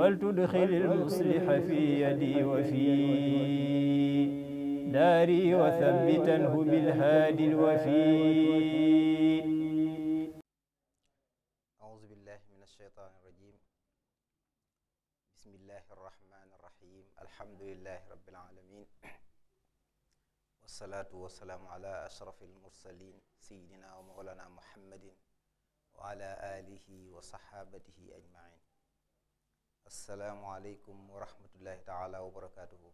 ولتدخل المصلح في يدي وفي داري وثبتنه بالهادي الوفي أعوذ بالله من الشيطان الرجيم بسم الله الرحمن الرحيم الحمد لله رب العالمين والصلاة والسلام على أشرف المرسلين سيدنا ومولانا محمد وعلى آله وصحابته أجمعين asalaamualeykum wa rahmatullahi taala wa barakaatuhu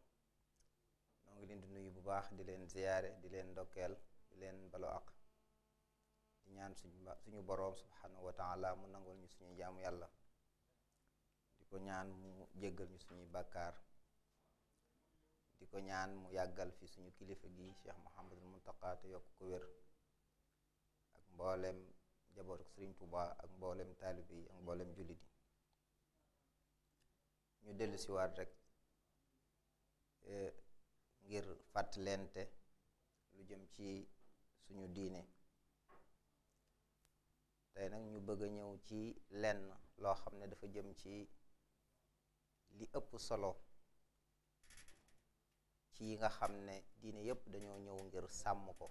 noo ngi leen di nuyu bu baax di leen ziyaare di leen ndokkeel di leen balo ak di ñaan suñu suñu boroom subhanahu wa taala mu nangul ñu suñuy jaamu yàlla di ko ñaan mu jéggal ñu suñuy bàkkaar di ko ñaan mu yàggal fi suñu kilifa gi Cheikh Mouhamadul Muntaqa te yokk ko wér ak jaboot jabootu Sëriñ tubaa ak mboolem taalibe yi ak mboolem jullit yi ñu dellu waat rek e, ngir fàttalente lu jëm ci suñu diine tey nag ñu bëgg a ñëw ci lenn loo xam ne dafa jëm ci li ëpp solo ci yi nga xam ne diine yépp dañoo ñëw ngir sàmm ko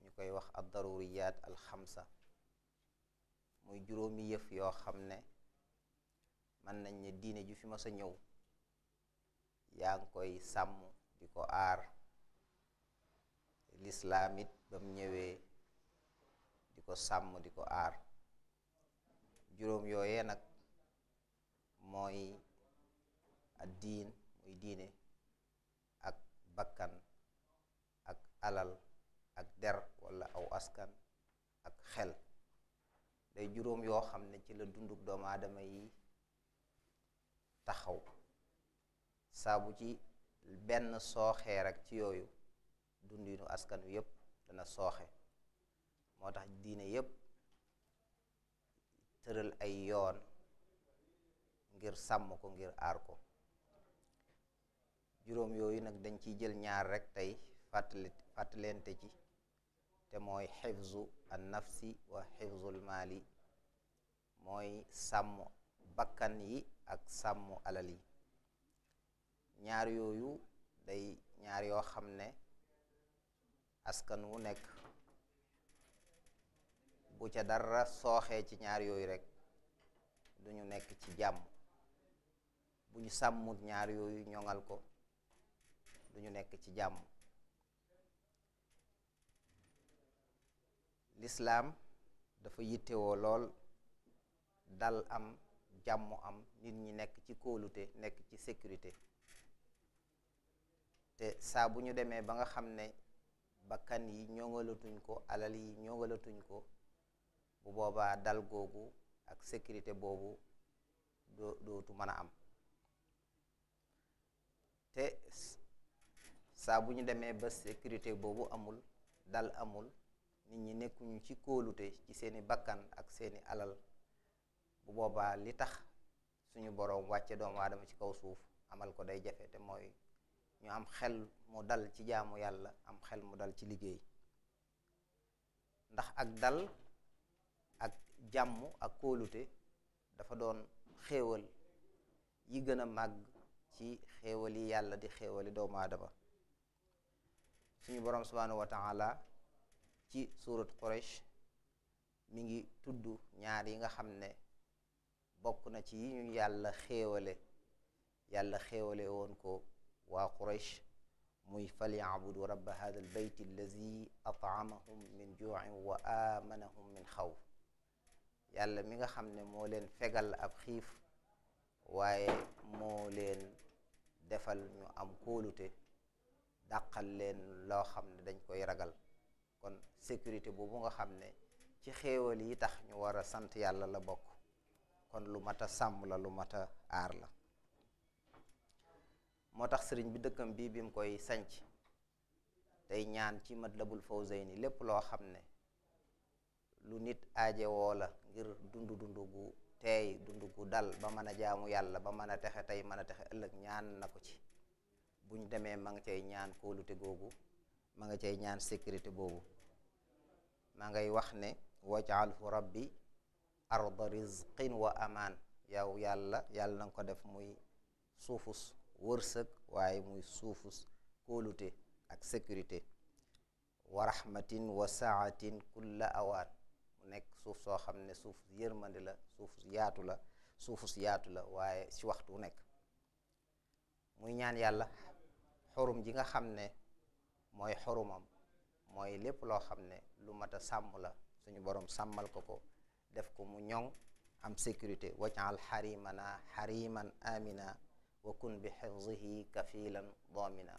ñu koy wax ad daruriyaat alxamsa muy juróomi yëf yoo xam ne mën nañ ne diine ju fi mas a ñëw yaa ngi koy sàmm di ko aar lislaam it ba ñëwee di ko sàmm di ko aar juróom yooyee nag mooy addiin muy diine ak bakkan ak alal ak der walla aw askan ak xel day juróom yoo xam ne ci la dunduk doomu aadama yi taxaw saabu ci benn sooxee rekk ci yooyu dundinu askan wi yépp dana sooxe moo tax diine yépp tëral ay yoon ngir sàmm ko ngir aar ko juróom yooyu nag dañ ciy jël ñaar rek tey fàttali fàttalente ci te mooy xifzu an nafsi wa xifzul maali mooy sàmm bakkan yi ak sàmmu alal yi ñaar yooyu day ñaar yoo xam ne askan wu nekk bu ca dara sooxee ci ñaar yooyu rekk duñu nekk ci jàmm buñu ñu sàmmut ñaar yooyu ñoŋal ko duñu nekk ci jàmm lislaam dafa yittewoo lool dal am jàmm am nit ñi nekk ci kóolute nekk ci sécurité te saa bu ñu demee ba nga xam ne bakkan yi ñoŋalatuñ ko alal yi ñoŋalatuñ ko bu boobaa dal googu ak sécurité boobu doo dootu mën a am te saa bu ñu demee ba sécurité boobu amul dal amul nit ñi nekkuñu ci kóolute ci seeni bakkan ak seeni alal bu boobaa li tax suñu boroom wàcce doomu aadama ci kaw suuf amal ko day jafe te mooy ñu am xel mu dal ci jaamu yàlla am xel mu dal ci liggéey ndax ak dal ak jàmm ak kóolute dafa doon xéewal yi gën a màgg ci xéewal yi yàlla di xéewali doomu aadama suñu boroom subhaanahu wa taala ci suurat Quraysh mu ngi tudd ñaar yi nga xam ne bokk na ci yi ñu yàlla xéewale yàlla xéewale woon ko waa quraysh muy falyabudu rabba hada al beyt allazi atamahum min juin wa amanahum min xawf yàlla mi nga xam ne moo leen fegal ab xiif waaye moo leen defal ñu am kóolute dàqal leen loo xam ne dañ koy ragal kon sécurité boobu nga xam ne ci xéewal yi tax ñu war a sant yàlla la bokk kon lu mat a sàmm la lu mat a aar la moo tax sëriñ bi dëkkam bii bi mu koy sanc tey ñaan ci Matlabul ni lépp loo xam ne lu nit aajewoo la ngir dund dund gu teey dund gu dal ba mën a jaamu yàlla ba mën a texe tey mën a texe ëllëg ñaan na ko ci buñ demee ma nga cay ñaan kóolute googu ma nga cay ñaan sécurité boobu ma ngay wax ne wajaalhu bi arda rizqin wa amaan yow yàlla yàlla na ko def muy suufus wërsëg waaye muy suufus kolute ak sécurité wa rahmatin wa saatin kulla awaan mu nekk suuf soo xam ne suufus yërmande la suufus yaatu la suufus yaatu la waaye ci waxtu wu nekk muy ñaan yàlla xurum ji nga xam ne mooy xurumam mooy lépp loo xam ne lu mat a sàmm la suñu borom sàmmal ko ko def ko mu ñoŋ am sécurité wajal xarimana xariman amina wa kun bi xifzihi kafilan domina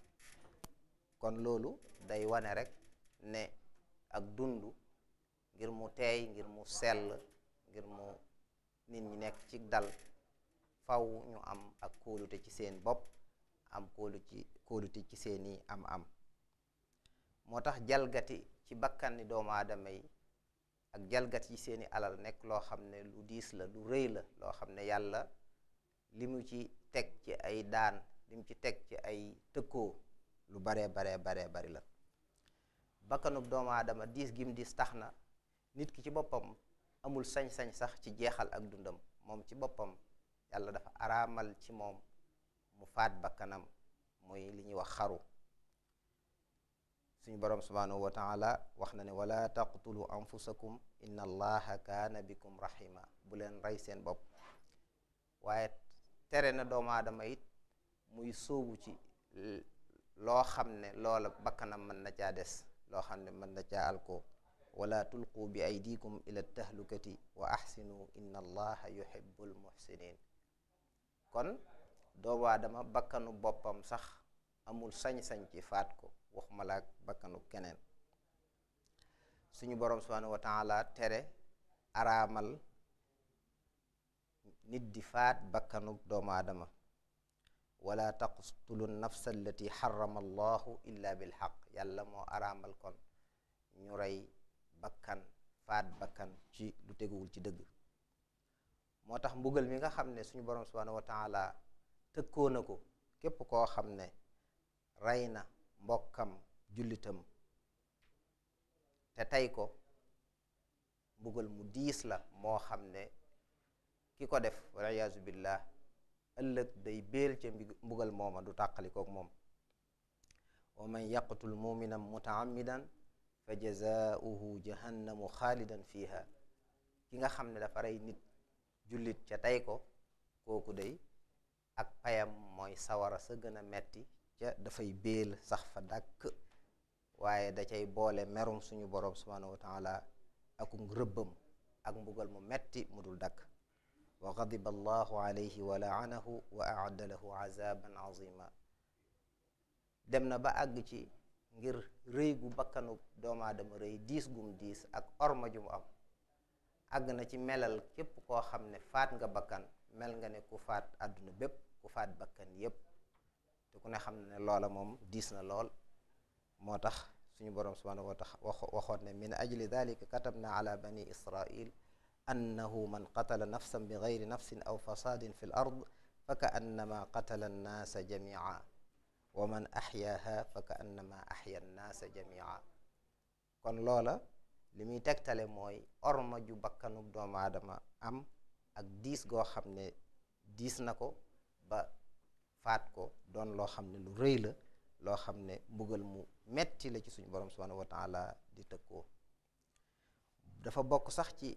kon loolu day wane rek ne ak dund ngir mu teey ngir mu sell ngir mu nit ñi nekk ci dal faw ñu am ak kóolute ci seen bopp am kóolu ci ci seeni am am moo tax jalgati ci bakkani doomu aadama yi ak jalgat yi seeni alal nekk loo xam ne lu diis la lu rëy la loo xam ne yàlla li mu ci teg ci ay daan li mu ci teg ci ay tëkkoo lu baree baree baree bari la bakkanub doomu aadama diis gim diis tax na nit ki ci boppam amul sañ-sañ sax ci jeexal ak dundam moom ci boppam yàlla dafa araamal ci moom mu faat bakkanam mooy li ñuy wax xaru suñu boroom subhaanahu wa taala wax na ne wala taqtulu anfusakum inna allaha kaana bikum rahima bu leen rey seen bopp waaye tere na doomu aadama it muy sóobu ci loo xam ne loola bakkanam mën na caa des loo xam ne mën na caa alko wala tulqu bi aydikum ila tahlukati wa ahsinu inna allaha yuhibbul muhsinin kon doomu aadama bakkanu boppam sax amul sañ-sañ ci faat ko waxuma laak bakkanu keneen suñu boroom subhanahu wa tere araamal nit di faat bakkanu doomu aadama wala taqtulu nafsa allati xarama bil xaq yàlla moo araamal kon ñu rey bakkan faat bakkan ci lu teguwul ci dëgg moo tax mbugal mi nga xam ne suñu boroom subhanahu wa taala tëkkoo ko képp koo xam ne rey na mbokkam jullitam te tey ko mbugal mu diis la moo xam ne ki ko def walla iyaazu billaah ëllëg day béel ca mbugal mooma du tàqalikook moom wa man yaqtul muminan mutaammidan fa jazaauhu jahannamu xaalidan fiha ki nga xam ne dafa rey nit jullit ca tey ko kooku day ak payam mooy sawara sa gën a metti ca dafay béel sax fa dàkk waaye da cay boole merum suñu borom subhaanahu wa taala rëbbam ak mbugal mu metti mu dul dàkk wa xadiba allahu alayhi wa laanahu wa aada lahu azima dem na ba àgg ci ngir rëy gu bakkanu doomaadama rëy diis gum diis ak orma am àgg na ci melal képp koo xam ne faat nga bakkan mel nga ne ku faat àdduna bépp ku faat bakkan yépp te ku ne xam ne loola moom diis na lool moo tax suñu borom subhaanahu wa tax waxoon ne min ajli dalika katabna ala bani israil annahu man qatala nafsan bi gayri nafsin aw fasaadin fi l ard fa ka annama qatala annaasa jamia wa man axyaaha fa kon loola li tegtale mooy orma ju bakkanub doom aadama am ak diis goo xam ne diis na ko faat ko doon loo xam ne lu rëy la loo xam ne mbugal mu metti la ci suñu borom subhanahu wa taala di tëkkoo dafa bokk sax ci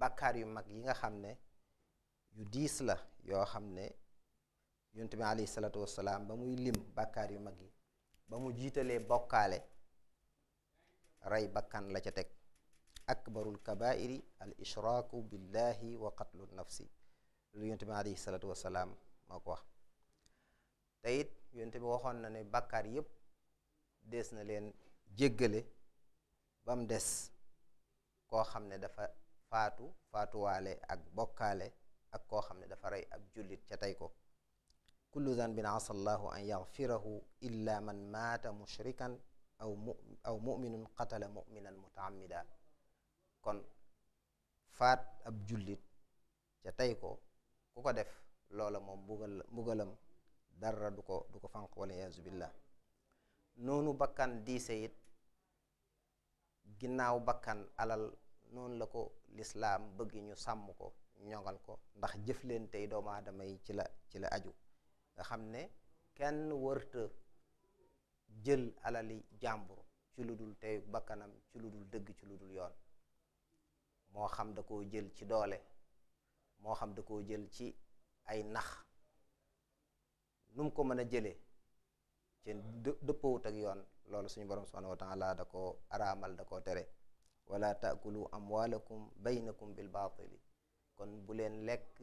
bàkkaar yu mag yi nga xam ne yu diis la yoo xam ne yonent bi alayhi salaatu wasalaam ba muy lim bàkkaar yu mag yi ba mu jiitalee bokkaale rey bakkan la ca teg akbarul kabairi al ishraaku billahi wa qatlu nafsi lu yonent bi alayhi salaatu wasalaam moo ko wax te it yonte bi waxoon na ne bàkkaar yépp des na leen jeggale ba des koo xam ne dafa faatu faatuwaale ak bokkaale ak koo xam ne dafa rey ab jullit ca tey ko kullu zanbin asallahu an yaxfirahu illa man maata mushrikan aw mu aw muminun qatala muminan mutaamida kon faat ab jullit ca tey ko ku ko def loola moom mbugal dara du ko du ko fànq wala yaasu billah noonu bakkan diise it ginnaaw bakkan alal noonu la ko lislaam bëgg ñu sàmm ko ñoŋal ko ndax jëflante tey doomu aadama yi ci la ci la aju nga xam ne kenn wërta jël alali jàmbur ci lu dul tey bakkanam ci lu dul dëgg ci lu dul yoon moo xam da koo jël ci doole moo xam da koo jël ci ay nax nu mu ko mën a jëlee ci dëppawut ak yoon loolu suñu borom subhanahu wa taala da koo araamal da koo tere wala taakulu amwaalakum baynakum bil baatili kon bu leen lekk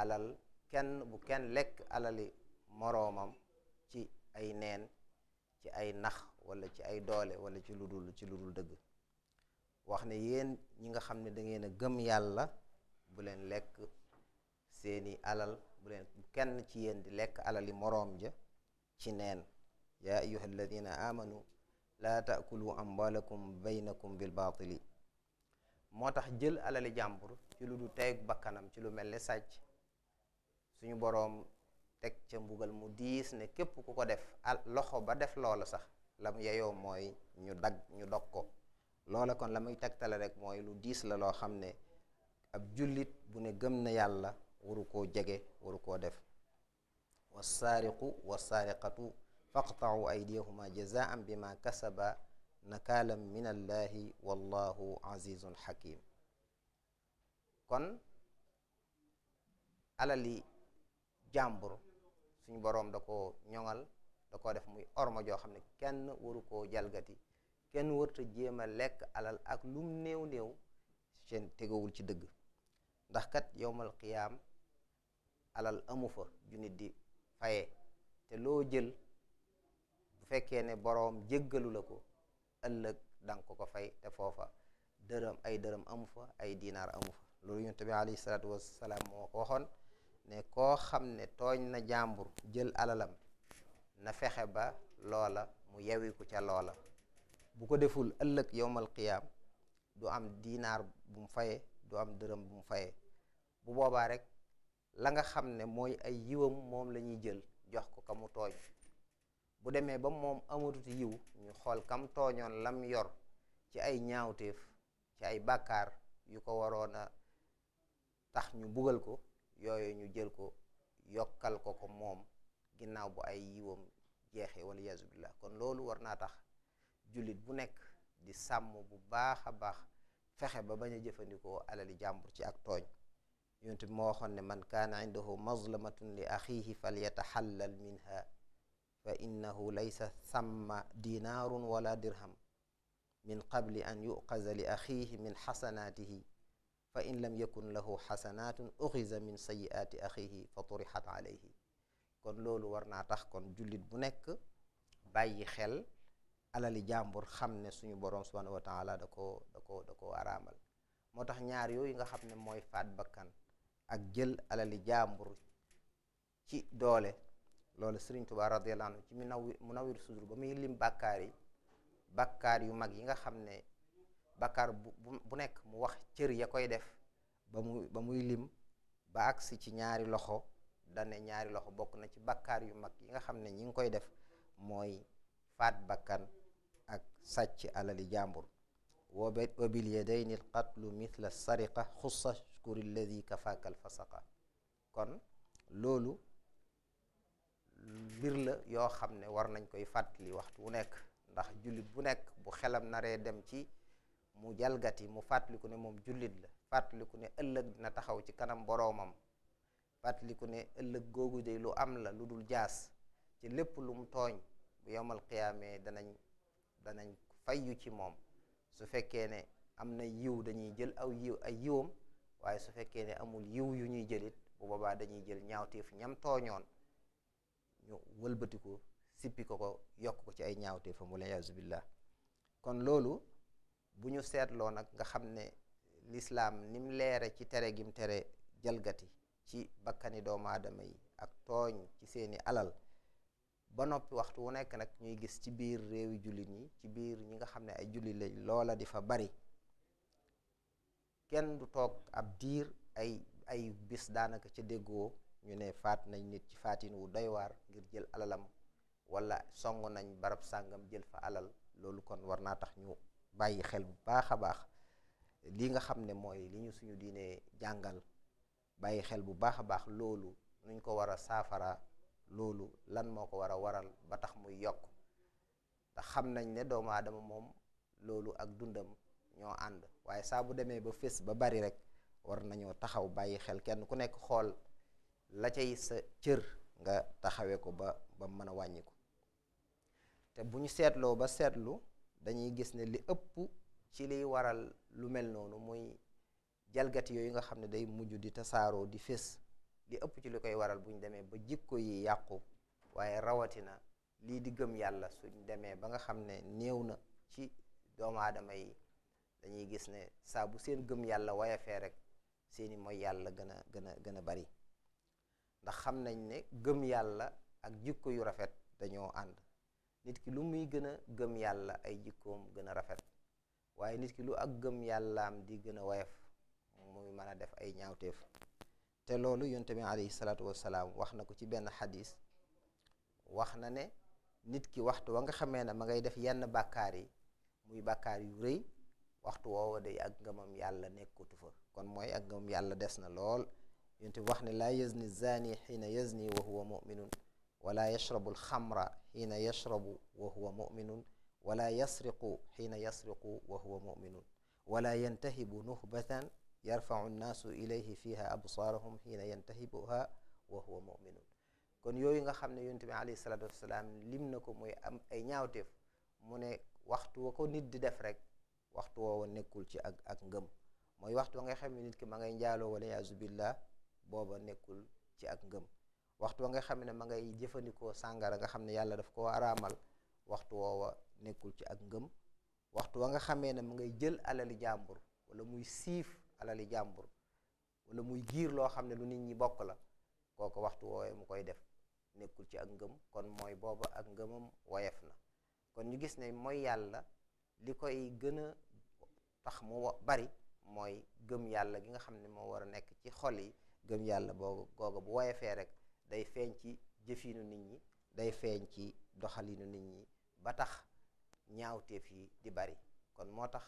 alal kenn bu kenn lekk alali moroomam ci ay neen ci ay nax wala ci ay doole wala ci lu dul ci lu dul dëgg wax ne yéen ñi nga xam ne dangeen a gëm yàlla bu leen lekk seeni alal bu leen kenn ci yéen di lekk alali moroom ja ci neen yaa ayuha alladina amanu laa taakulu amwalakum baynakum bil baatili moo tax jël alali jàmbur ci lu du teyug bakkanam ci lu mel ni sàcc suñu boroom teg ca mbugal mu diis ne képp ku ko def al loxo ba def loola sax la mu yeyoo mooy ñu dag ñu dog ko loola kon la muy tegtale rek mooy lu diis la loo xam ne ab jullit bu ne gëm na yàlla waru koo jege waru koo def wasaariqu wasaariqatu faqtau aydiyahuma jazaan bima kasaba nakaalam min allahi wallahu jàmbur suñu boroom da ko ñoŋal da ko def muy orma joo xam ne kenn waru koo jalgati kenn warta jéem a lekk alal ak lum néew néew seen tegawul ci dëgg ndax kat yowmal qiyaam alal amu fa ju nit di faye te loo jël bu fekkee ne boroom jëggalu la ko ëllëg danga ko ko fay te foofa dërëm ay dërëm amu fa ay dinaar amu fa loolu ñu bi alayhi salaatu moo ko waxoon ne koo xam ne tooñ na jàmbur jël alalam na fexe ba loola mu yewiku ca loola bu ko deful ëllëg yowmal qiyaam du am dinaar bu mu faye du am dërëm bu mu bu boobaa rek la nga xam ne mooy ay yiwam moom la ñuy jël jox ko kamu tooñ bu demee ba moom amatut yiw ñu xool kam tooñoon lam yor ci ay ñaawteef ci ay bàkkaar yu ko waroon a tax ñu bugal ko yooyu ñu jël ko yokkal ko ko moom ginnaaw bu ay yiwam jeexee wala yaasu billah kon loolu war naa tax jullit bu nekk di sàmm bu baax a baax fexe ba bañ a jëfandikoo alali jàmbur ci ak tooñ yonent bi moo waxoon ne man kaana indahu mazlamatun li axihi falyataxallal minha fa innahu laysa samma dinaarun wala dirham min qabli an yuqaza li axihi min xasanaatihi fa in lam yakun lahu xasanaatun uxiza min sayiaati axihi fa turixat alayhi kon loolu war naa tax kon jullit bu nekk bàyyi xel alali jàmbur xam ne suñu boroom subhaanahu wa taala da ko da ko da ko araamal moo tax ñaar yooyu nga xam ne mooy faat bakkan ak jël alali jaambur ci doole loolu Sëriñ Tuubaa radiyallaahu anhu ci Munawwir Sudur ba muy lim bàkkaar yi bàkkaar yu mag yi nga xam ne bàkkaar bu bu nekk mu wax cër ya koy def ba mu ba muy lim ba agsi ci ñaari loxo dane ñaari loxo bokk na ci bàkkaar yu mag yi nga xam ne ñi ngi koy def mooy faat bakkan ak sàcc alali jaambur wa bil yadayni al qatlu mithla sariqa xussa shkur alladi kafaaka al fasaqa kon loolu mbir la yoo xam ne war nañ koy fàttali waxtu wu nekk ndax jullit bu nekk bu xelam naree dem ci mu jalgati mu fàttaliku ne moom jullit la fàttaliku ne ëllëg dina taxaw ci kanam boroomam fàttaliku ne ëllëg googu de lu am la lu dul jaas ci lépp lu mu tooñ bu yomal xiyaamee danañ danañ fayyu ci moom su fekkee ne am na yiw dañuy jël aw yiw ay yiwam waaye su fekkee ne amul yiw yu ñuy jëlit bu boobaa dañuy jël ñaawteef ñam tooñoon ñu wëlbatiku sippi ko ko yokk ko ci ay ñaawteefam wala yaasu billah kon loolu bu ñu seetloo nag nga xam ne lislaam ni leere ci tere gim tere jalgati ci bakkani doomu aadama yi ak tooñ ci seeni alal ba noppi waxtu wu nekk nag ñuy gis ci biir réewi jullit ñi ci biir ñi nga xam ne ay jullit lañ loola di fa bari kenn du toog ab diir ay ay bis daanaka ca déggoo ñu ne faat nañ nit ci faatin wu doy waar ngir jël alalam wala song nañ barab sàngam jël fa alal loolu kon war naa tax ñu bàyyi xel bu baax a baax li nga xam ne mooy li ñu suñu diine jàngal bàyyi xel bu baax a baax loolu nuñ ko war a saafara loolu lan moo ko war a waral ba tax muy yokk te xam nañ ne doomaadama moom loolu ak dundam ñoo ànd waaye saa bu demee ba fés ba bari rek war nañoo taxaw bàyyi xel kenn ku nekk xool la cay sa cër nga taxawee ko ba ba mën a wàññi ko te bu ñu seetloo ba seetlu dañuy gis ne li ëpp ci liy waral lu mel noonu muy jalgati yooyu nga xam ne day mujj di tasaaroo di fés li ëpp ci li koy waral bu ñu demee ba jikko yi yàqu waaye rawatina lii di gëm yàlla suñ demee ba nga xam ne néew na ci doomu yi dañuy gis ne saa bu seen gëm yàlla wayafee rek seeni mooy yàlla gën a gën gën a bari ndax xam nañ ne gëm yàlla ak jikko yu rafet dañoo ànd nit ki lu muy gën a gëm yàlla ay jikkoom gën a rafet waaye nit ki lu ak gëm yàllaam di gën a woyof muy mën a def ay ñaawteef te loolu yonte bi alayhi salaatu wasalaam wax na ko ci benn xadis na ne nit ki waxtu wa nga xamee ne ma ngay def yenn bàkkaar muy bàkkaar yu rëy waxtu woowa day ak ngëmam yàlla nekkutu fa kon mooy ak ngëmam yàlla des na lool yonte bi wax ne laa yazni zani xiina yazni wa huwa muminun wala yashrabu alxamra xiina yashrabu wa huwa muminun wala yasriqu xiina yarfau nnaasu ilayhi fiha absaarahum xiina yantahibuha wa huwa muminun kon yooyu nga xam ne yonent bi alayhi salaatu wasalaam lim na ko mooy am ay ñaawteef mu ne waxtu wa ko nit di def rek waxtu woo nekkul ci ak ak ngëm mooy waxtu wa nga xam nit ki ma ngay njaaloo wala yaasu billah booba nekkul ci ak ngëm waxtu wa nga xam ne ma ngay jëfandikoo sàngara nga xam ne yàlla daf koo araamal waxtu woowa nekkul ci ak ngëm waxtu wa nga xamee ne ma ngay jël alali jàmbur wala muy siif alali jàmbur wala muy giir loo xam ne lu nit ñi bokk la kooku waxtu woowee mu koy def nekkul ci ak ngëm kon mooy booba ak ngëmam woyef na kon ñu gis ne mooy yàlla li koy gën a tax mu bari mooy gëm yàlla gi nga xam ne moo war a nekk ci xol gëm yàlla boo googa bu woyefee rek day feeñ ci jëfinu nit ñi day feeñ ci doxalinu nit ñi ba tax ñaawteef yi di bari kon moo tax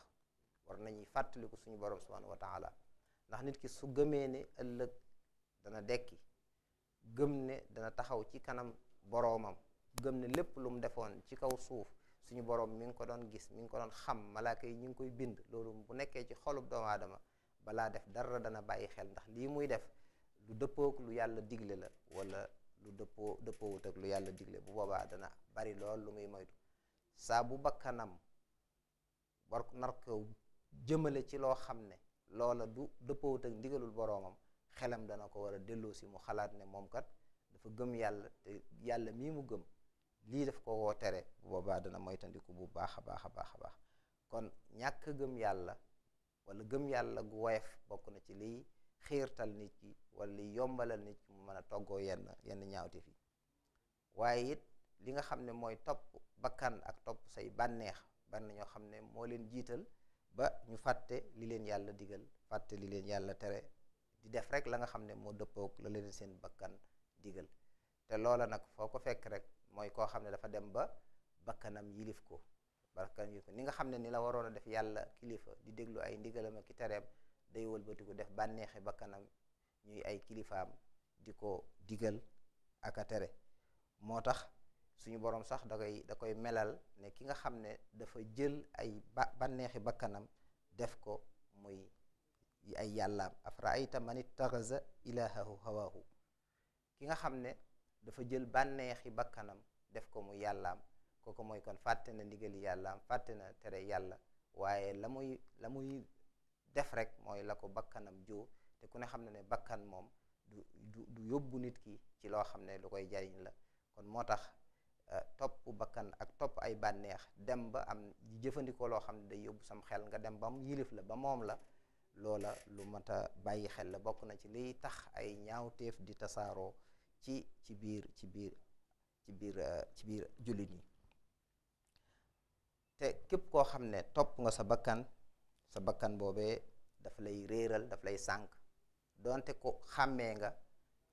war nañuy fàttaliku suñu borom subhanahu wa taala ndax nit ki su gëmee ne ëllëg dana dekki gëm ne dana taxaw ci kanam boroomam gëm ne lépp lu mu defoon ci kaw suuf suñu borom mi ngi ko doon gis mi ngi ko doon xam malaaka yi ñu ngi koy bind loolu bu nekkee ci xolub doomu aadama balaa def dara dana bàyyi xel ndax lii muy def lu dëppook lu yàlla digle la wala lu dëppoo dëppoowut ak lu yàlla digle bu boobaa dana bari lool lu muy moytu saa bu bakkanam war jëmale ci loo xam ne loola du dëppoowut ak ndigalul boroomam xelam dana ko war a delloosi mu xalaat ne moom kat dafa gëm yàlla te yàlla mii mu gëm lii daf ko woo tere boobaa dana moytandiku bu baax a baax a baax a baax kon ñàkk gëm yàlla wala gëm yàlla gu woyof bokk na ci liy xiirtal nit ki wala liy yombalal nit ki mu mën a toggoo yenn yenn ñaawte fi waaye it li nga xam ne mooy topp bakkan ak topp say bànneex ban ñoo xam ne moo leen jiital ba ñu fàtte li leen yàlla digal fàtte li leen yàlla tere di def rek la nga xam ne moo dëppook la leen seen bakkan digal te loola nag foo ko fekk rek mooy koo xam ne dafa dem ba bakkanam yilif ko bakkanam yilif ko ni nga xam ne ni la waroon a def yàlla kilifa di déglu ay ndigalam ak i tereem day walbatiku def bànneexi bakkanam ñuy ay kilifaam di ko digal ak tere moo tax suñu borom sax da da koy melal ne ki nga xam ne dafa jël ay ba bànneexi bakkanam def ko muy ay yàllaam afraayta man ittaxaza ilaahahu hawaahu ki nga xam ne dafa jël bànneexi bakkanam def ko muy yàllaam kooku mooy kon fàtte na ndigali yàllaam fàtte na tere yàlla waaye la muy la muy def rek mooy la ko bakkanam joo te ku ne xam ne ne bàkkan moom du du yóbbu nit ki ci loo xam ne lu koy jariñ la kon moo tax Euh, topp bakkan ak topp ay bànneex dem ba am jëfandikoo loo xam ne day yóbbu sam xel nga dem ba mu yilif la ba moom la loola lu mat a bàyyi xel la bokk na ci liy tax ay ñaawteef di tasaaroo ci ci biir ci biir ci biir euh, ci biir jullit yi te képp koo xam ne topp nga sa bakkan sa bakkan boobee daf lay réeral daf lay sànk doonte ko xàmmee nga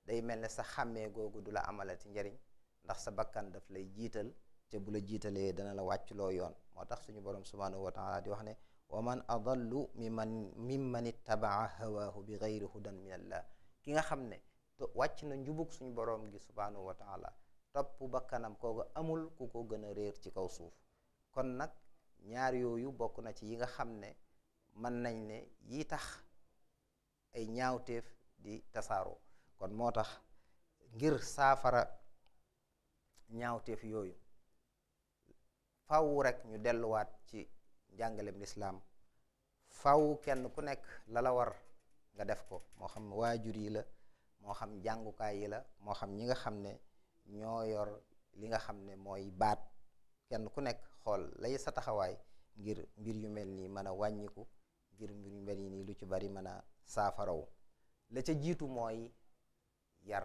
day mel ne sa xàmmee googu du la amalati njariñ ndax sa bakkan daf lay jiital te bu la jiitalee dana la wàcculoo yoon moo tax suñu borom subhaanahu wa taala di wax ne wa man adallu mimman mimman ittabaa hawaahu bi gayri hudan min allah ki nga xam ne wàcc na njubug suñu boroom gi subhaanahu wa taala topp bakkanam kooku amul ku ko gën a réer ci kaw suuf kon nag ñaar yooyu bokk na ci yi nga xam ne mën nañ ne yi tax ay ñaawteef di tasaaroo kon moo tax ngir saafara ñaawteef yooyu faw rek ñu delluwaat ci njàngaleem lislaam faw kenn ku nekk la la war nga def ko moo xam waajur yi la moo xam jàngukaay yi la moo xam ñi nga xam ne ñoo yor li nga xam ne mooy baat kenn ku nekk xool lay sa taxawaay ngir mbir yu mel nii mën a wàññiku ngir mbir yu mel nii lu ci bari mën a saafarawu la ca jiitu mooy yar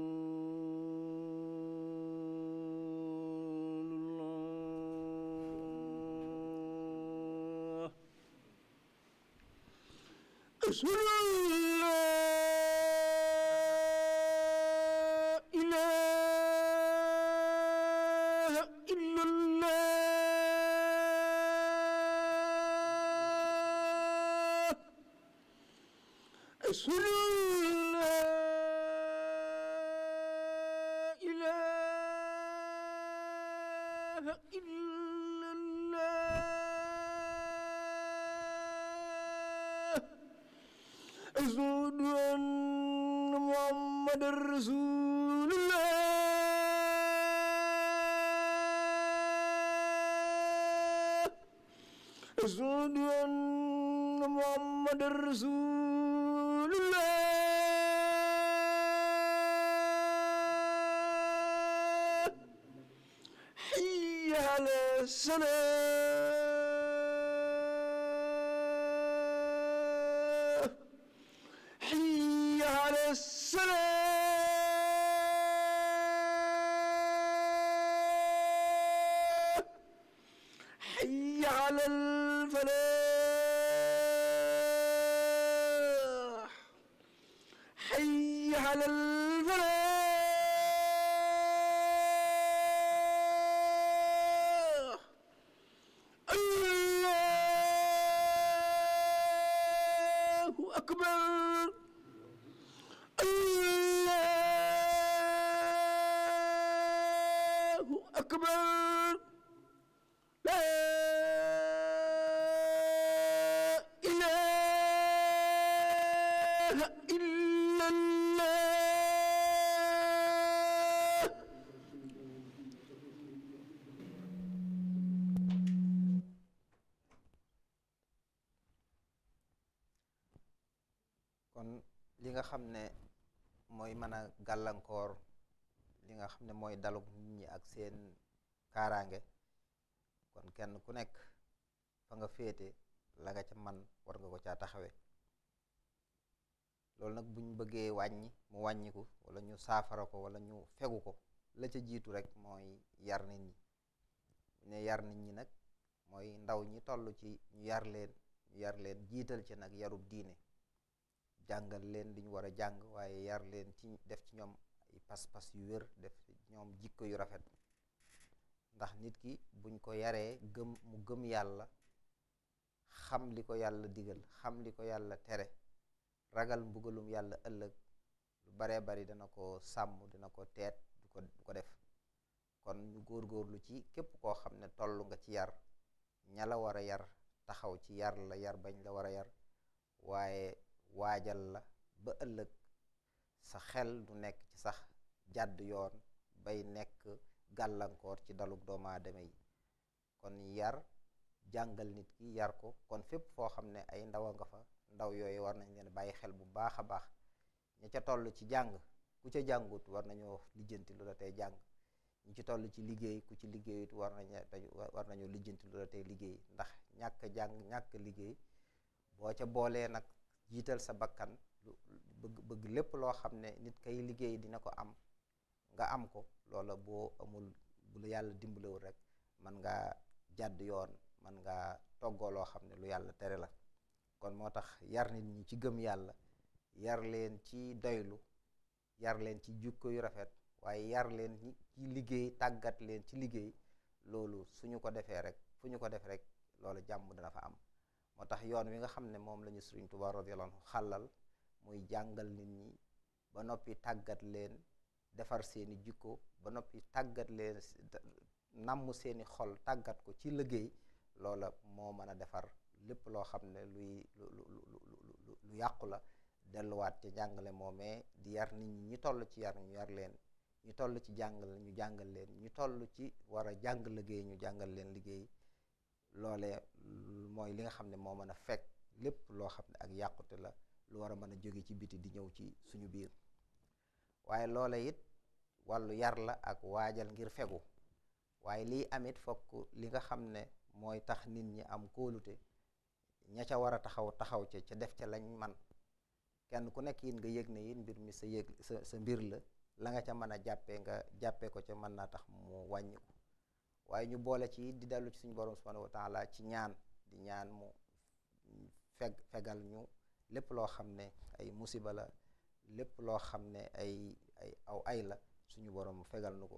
sunu محمد رسول الله حي على السلام حي على السلام حي على الفلاح على الفلاح الله أكبر الله أكبر gàllankoor li nga xam ne mooy dalu nit ñi ak seen kaaraange kon kenn ku nekk fa nga féete la nga ca man war nga ko caa taxawee loolu nag buñ bëggee wàññi mu wàññiku wala ñu saafara ko wala ñu fegu ko la ca jiitu rek mooy yar nit ñi ne yar nit ñi nag mooy ndaw ñi toll ci ñu yar leen ñu yar leen jiital ci nag yarub diine jàngal leen li ñu war a jàng waaye yar leen ci def ci ñoom ay pas-pas yu wér def ñoom jikk yu rafet ndax nit ki buñ ko yaree gëm mu gëm yàlla xam li ko yàlla digal xam li ko yàlla tere ragal mbugalum yàlla ëllëg lu baree bari dana ko sàmm dina ko teet du ko ko def kon ñu góorgóorlu ci képp koo xam ne toll nga ci yar ña la war a yar taxaw ci yar la yar bañ la war a yar waaye waajal la ba ëllëg sa xel du nekk ci sax jàdd yoon bay nekk gàllankoor ci dalug doomaadama yi kon yar jàngal nit ki yar ko kon fépp foo xam ne ay ndaw a nga fa ndaw yooyu war nañ leen bàyyi xel bu baax a baax ña ca toll ci jàng ku ca jàngut war nañoo lijjanti lu la tey jàng ñu ci toll ci liggéey ku ci liggéeyut war nañu war nañoo lijjanti lu la tey liggéey ndax ñàkk jàng ñàkk liggéey boo ca boolee nag jiital sa bakkan lu bëgg bëgg lépp loo xam ne nit kay liggéey dina ko am nga am ko loola boo amul bu la yàlla dimbalewul rek man ngaa jàdd yoon man ngaa toggoo loo xam ne lu yàlla tere la kon moo tax yar nit ñi ci gëm yàlla yar leen ci doylu yar leen ci jukko yu rafet waaye yar leen ci liggéey tàggat leen ci liggéey loolu su ñu ko defee rek fu ñu ko def rek loolu jàmm dana fa am moo tax yoon wi nga xam ne moom la ñu Sëriñ Tuubaa radiyallaahu anhu xàllal muy jàngal nit ñi ba noppi tàggat leen defar seeni jikko ba noppi tàggat leen namm seeni xol tàggat ko ci liggéey loola moo mën a defar lépp loo xam ne luy lu lu lu lu yàqu la delluwaat ca jàngale moomee di yar nit ñi ñu toll ci yar ñu yar leen ñu toll ci jàngal ñu jàngal leen ñu toll ci war a jàng liggéey ñu jàngal leen liggéey loole mooy li nga xam ne moo mën a fekk lépp loo xam ne ak yàqute la lu war a mën a jóge ci biti di ñëw ci suñu biir waaye loole it wàllu yar la ak waajal ngir fegu waaye liy amit fokk li nga xam ne mooy tax nit ñi am kóolute ña ca war a taxaw taxaw ca ca def ca lañ man kenn ku nekk yit nga yëg ne yit mbir mi sa yëg sa sa mbir la la nga ca mën a jàppee nga jàppee ko ca mën naa tax mu wàññiku waaye ñu boole ci di dellu ci suñu borom subhanahu wa ci ñaan di ñaan mu feg fegal ñu lépp loo xam ne ay musiba la lépp loo xam ne ay ay aw ay la suñu borom fegal nu ko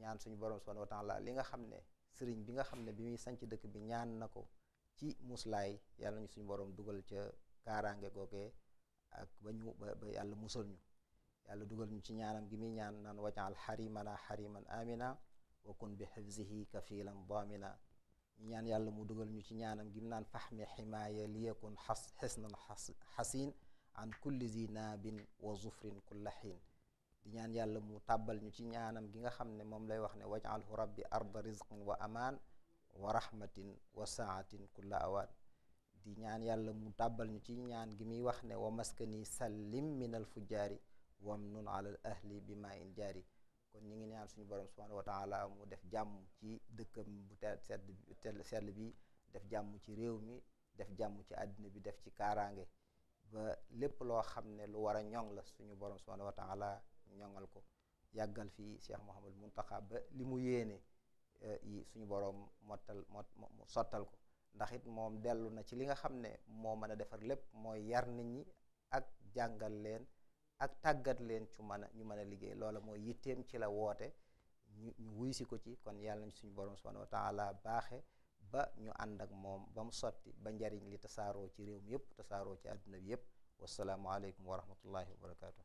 ñaan suñu borom subhanahu wa li nga xam ne sëriñ bi nga xam ne bi muy sanc dëkk bi ñaan na ko ci muslaay yàlla ñu suñu borom dugal ca kaaraange googe ak ba ñu ba yàlla musal ñu yàlla dugal ñu ci ñaanam gi muy ñaan naan wajaal xarimana xariman amina wa kun bi xifzihi kafilan damina ñu ñaan yàlla mu dugal ñu ci ñaanam gim naan faxmi ximaaya liyakun xas xisnan xasin an kulli zinaabin wa yàlla mu tàbbal ñu ci ñaanam gi nga xam ne moom lay wax ne waj'alhu rabbi arda rizqin wa ñaan yàlla mu tàbbal ñu ci ñaan gi muy wax ne wa maskani sallim min alfujjaari wamnun ala al ahli bi maa in jaari kon ñu ngi ñaan suñu borom subhanahu wa taala mu def jàmm ci dëkkam bu te sedd sell bi def jàmm ci réew mi def jàmm ci àddina bi def ci kaaraange ba lépp loo xam ne lu war a ñoŋ la suñu borom subhanahu wa taala ñoŋal ko yàggal fii Cheikh mun Mountakha ba li mu yéene eh, suñu borom mottal mot ko ndax it moom dellu na ci li nga xam ne moo mën a defar lépp mooy yar nit ñi ak jàngal leen ak tàggat leen ci mën a ñu mën a liggéey loola mooy yitteem ci la woote ñu ñu wuy si ko ci kon yàlla suñu borom subhanahu wa taala baaxe ba ñu ànd ak moom ba mu sotti ba njariñ li tasaaroo ci réew mi yëpp tasaaroo ci àdduna bi yëpp wasalaamualeykum wa rahmatullahi wa barakatuh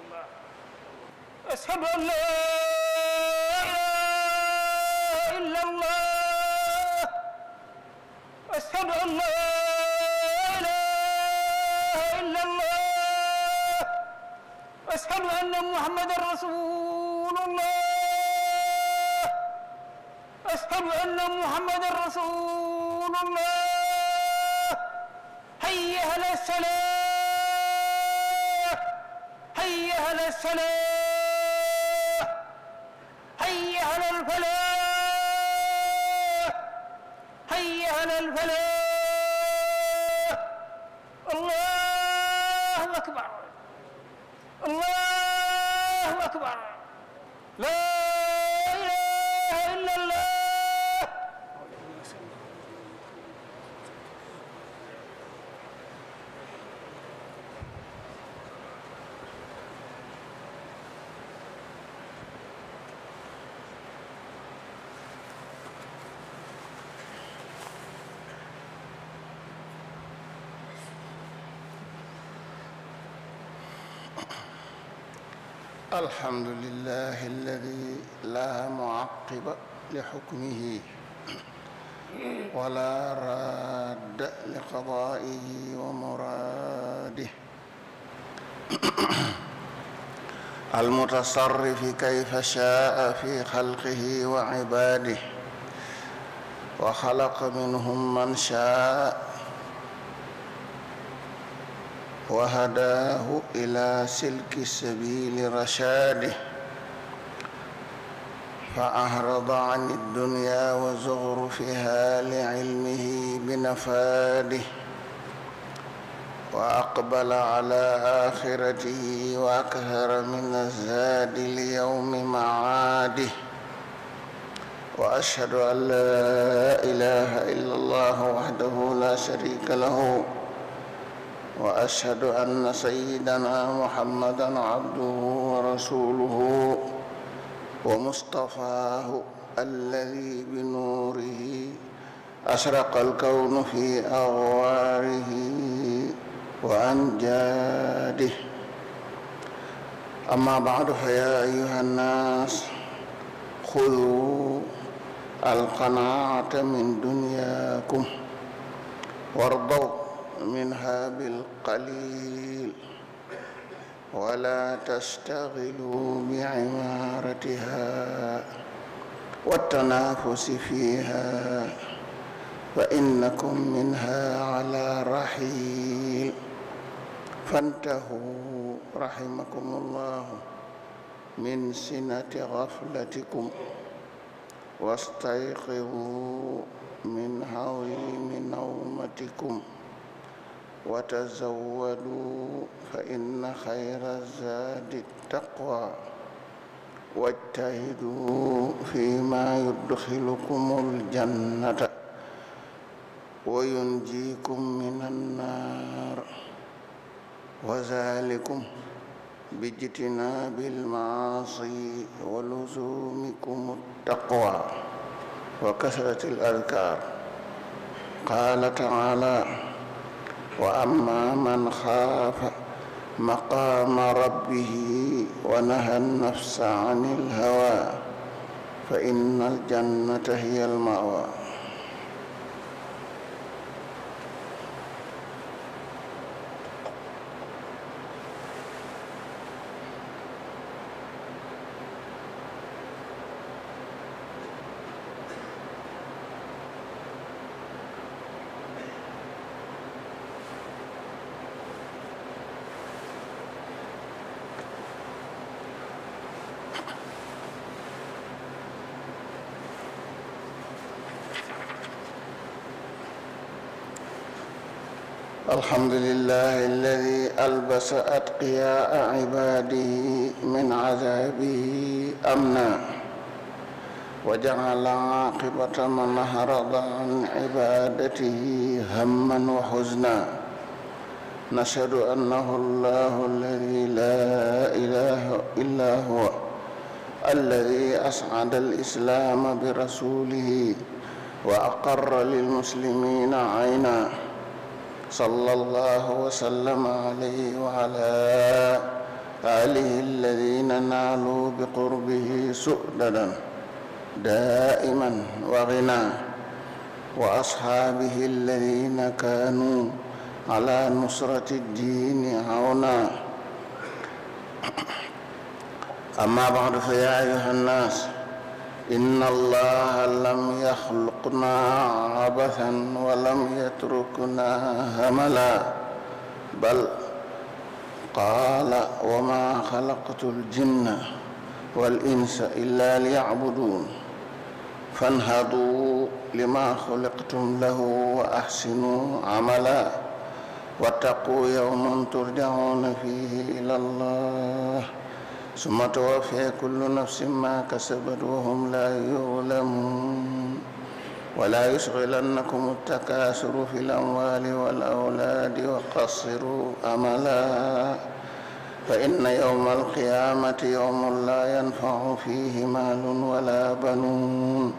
واشهد ان لا اله الا الله واشهد ان لا اله الا الله واشهد ان محمدا رسول الله اشهد ان محمدا رسول الله هيا على السلام هيا على السلام الحمد لله الذي لا معقب لحكمه ولا راد لقضائه ومراده المتصرف كيف شاء في خلقه وعباده وخلق منهم من شاء وهداه إلى سلك سبيل رشاده فأعرض عن الدنيا وزخرفها لعلمه بنفاده وأقبل على آخرته وأكثر من الزاد ليوم معاده وأشهد أن لا إله إلا الله وحده لا شريك له واشهد ان سيدنا محمدا عبده ورسوله ومصطفاه الذي بنوره اشرق الكون في اغواره وانجاده اما بعد فيا ايها الناس خذوا القناعه من دنياكم وارضوا منها بالقليل ولا تشتغلوا بعمارتها والتنافس فيها فإنكم منها على رحيل فانتهوا رحمكم الله من سنة غفلتكم واستيقظوا من عظيم نومتكم وتزودوا فإن خير الزاد التقوى واجتهدوا فيما يدخلكم الجنة وينجيكم من النار وذلكم باجتناب المعاصي ولزومكم التقوى وكثرة الأذكار قال تعالى wa amma man xaafa maqaama rabbihi wa naha nafsa an il hawa fa inna aljannata hiya almawa الحمد لله الذي ألبس أتقياء عباده من عذابه أمنا وجعل عاقبة من أعرض عن عبادته هما وحزنا نشهد أنه الله الذي لا إله إلا هو الذي أسعد الإسلام برسوله وأقر للمسلمين عينا صلى الله وسلم عليه وعلى آله الذين نالوا بقربه سؤددا دائما وغنى وأصحابه الذين كانوا على نصرة الدين عونا أما بعد فيا أيها الناس inna allaha lam yaxluqna abathan wa lam yatrukna hamala bal qaala wa ma xalaqtu aljinna wal insa illa liyacbuduun fanhaduu lima xuliqtum lahu wa axsinuu amala wattaquu yawman turjacuuna fiihi ila allah summa tuwaffiya kullu nafsin ma kasabat wa hum la yuzlamun wala yushghilannakum at-takasuru fil amwali wal awladi wa qassiru amala fa inna yawma al-qiyamati yawmun la yanfa'u fihi malun wala banun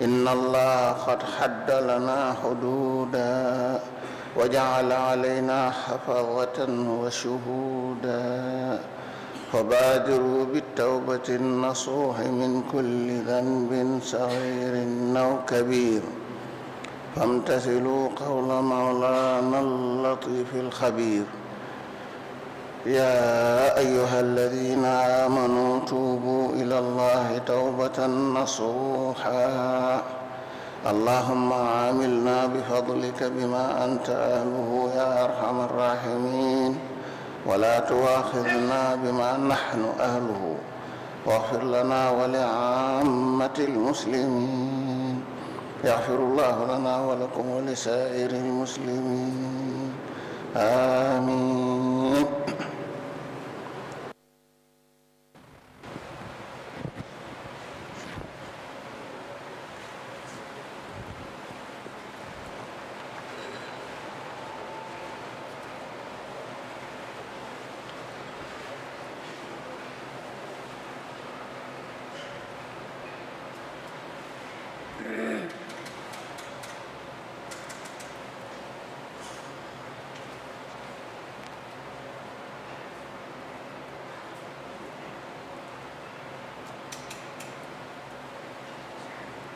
inna allaha qad hadda lana hududa wa ja'ala alayna hafazatan wa shuhuda وبادروا بالتوبة النصوح من كل ذنب صغير أو كبير فامتثلوا قول مولانا اللطيف الخبير يا أيها الذين آمنوا توبوا إلى الله توبة نصوحا اللهم عاملنا بفضلك بما أنت أهله يا أرحم الراحمين ولا تواخذنا بما نحن أهله واغفر لنا ولعامة المسلمين يغفر الله لنا ولكم ولسائر المسلمين آمين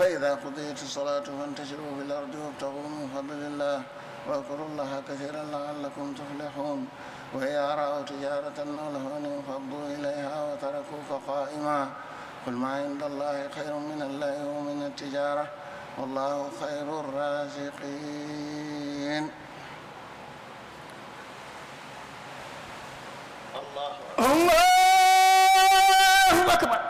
فإذا قضيت الصلاة فانتشروا في الأرض وابتغوا من فضل الله واذكروا الله كثيرا لعلكم تفلحون وإذا رأوا تجارة أو لهوا انفضوا إليها وتركوك قائما قل ما عند الله خير من الله ومن التجارة والله خير الرازقين الله أكبر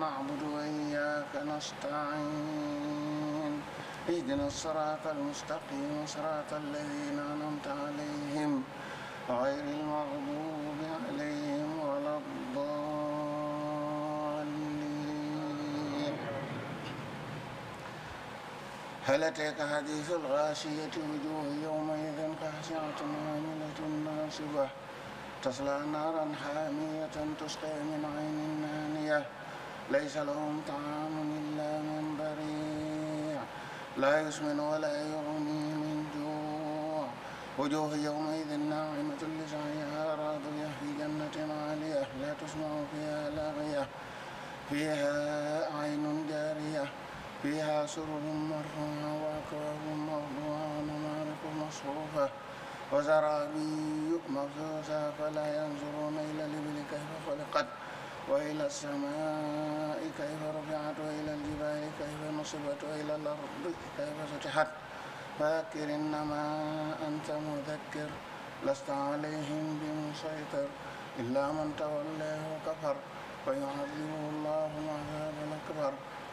نعبد وإياك نستعين اهدنا الصراط المستقيم صراط الذين أنعمت عليهم غير المغضوب عليهم ولا الضالين هل أتاك حديث الغاشية وجوه يومئذ كهشعة عاملة ناصبة تصلى نارا حامية تسقى من عين آنية ليس لهم طعام إلا من ضريع لا يسمن ولا يغني من جوع وجوه يومئذ ناعمة لسعيها راضية في جنة عالية لا تسمع فيها لاغية فيها عين جارية فيها سرر مرفوعة وأكواب موضوعة ونمارق مصفوفة وزرابي مبثوثة فلا ينظرون إلى الإبل كيف خلقت وإلى السماء كيف رفعت وإلى الجبال كيف نصبت وإلى الأرض كيف فتحت فذكر إنما أنت مذكر لست عليهم بمسيطر إلا من تولى وكفر فيعذبه الله العذاب الأكبر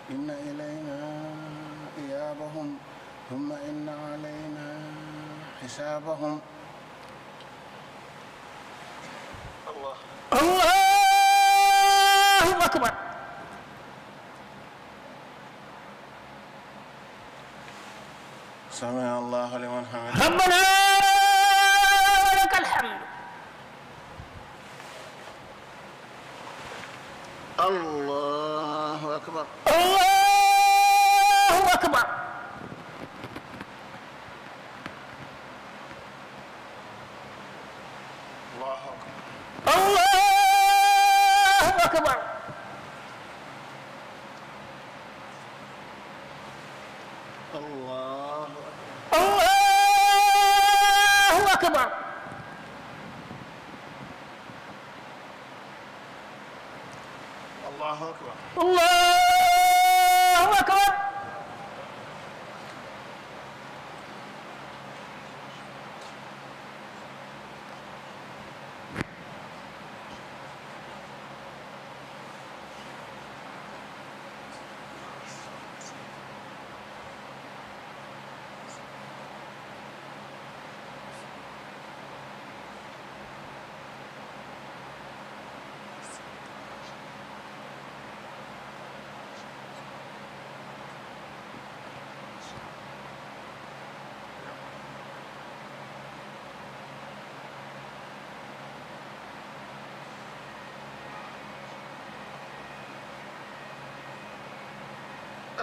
إن إلينا إيابهم ثم إن علينا حسابهم الله الله allahu akbar sami allahu liman hamid rabbana lakal hamd allahu akbar akbar Allahu akbar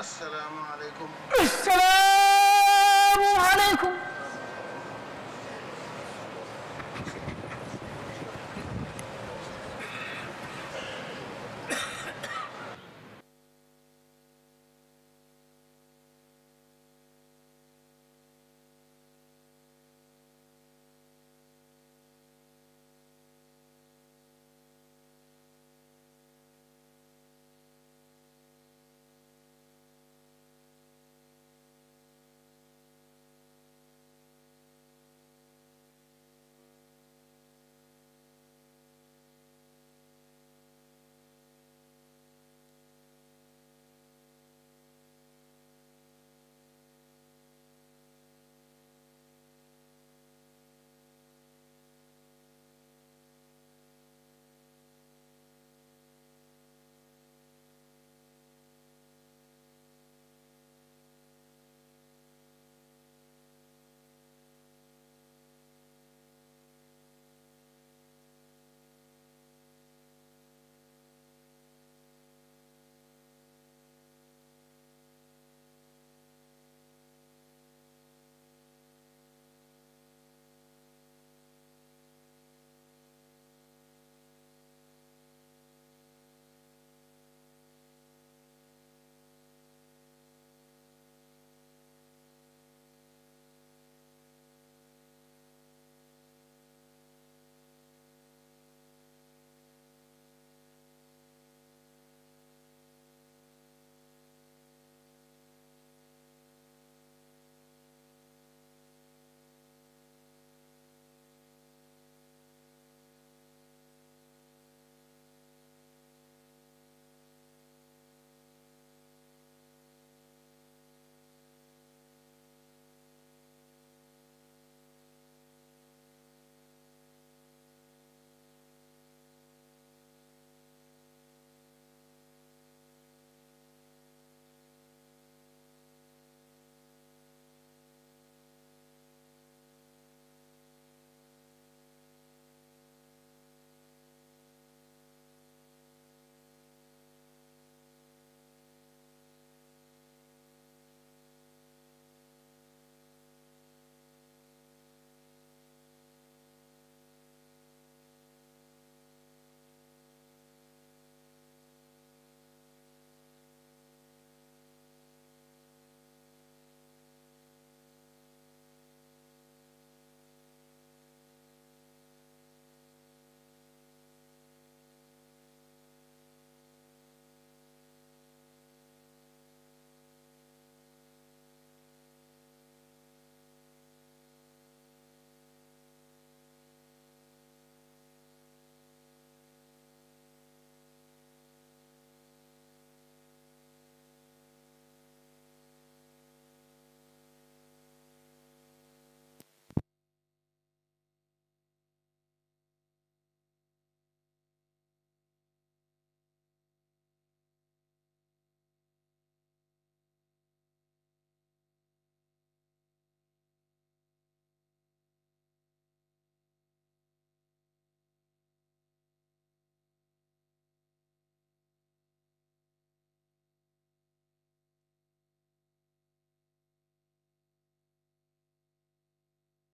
asalaamaaleykum.